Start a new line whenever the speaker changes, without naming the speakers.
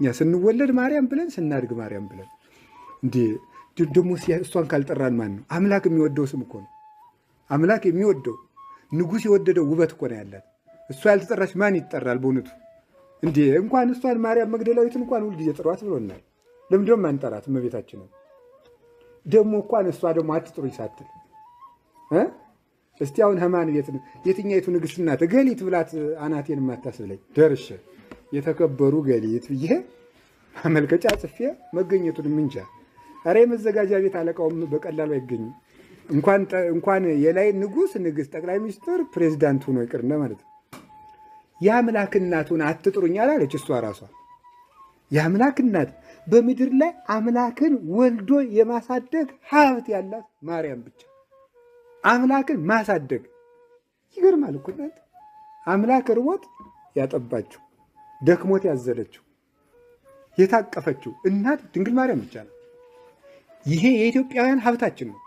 እኛ ስንወለድ ማርያም ብለን ስናድግ ማርያም ብለን እንዲ ደግሞ እሷን ካልጠራን ማን ነው? አምላክ የሚወደው ስም እኮ ነው። አምላክ የሚወደው ንጉሥ የወደደው ውበት እኮ ነው ያላት። እሷ ያልተጠራች ማን ይጠራል? በእውነቱ እንዲ እንኳን እሷን ማርያም መግደላዊትን እንኳን ሁልጊዜ ጥሯት ብሎናል። ለምንድነው ማንጠራት? እመቤታችንን ደግሞ እንኳን እሷ ደግሞ አትጥሩኝ ሳትል እስቲ አሁን ህማን ቤት ነው የትኛይቱ ንግሥት ናት? እገሊት ብላት አናቴን የማታስብለኝ ደርሼ የተከበሩ ገሊት ብዬ ማመልከቻ ጽፌ መገኘቱን ምንጃ። ኧረ የመዘጋጃ ቤት አለቃውም በቀላሉ አይገኝም። እንኳን የላይ ንጉስ፣ ንግሥት፣ ጠቅላይ ሚኒስትር፣ ፕሬዚዳንት ሆኖ ይቅርና ማለት ነው። የአምላክ እናቱን አትጥሩኝ አላለች እሷ ራሷ። የአምላክ እናት በምድር ላይ አምላክን ወልዶ የማሳደግ ሀብት ያላት ማርያም ብቻ። አምላክን ማሳደግ ይገርማል እኮ እናት አምላክ ርቦት ያጠባችው ደክሞት ያዘለችው የታቀፈችው እናት ድንግል ማርያም ብቻ ነው። ይሄ የኢትዮጵያውያን ሀብታችን ነው።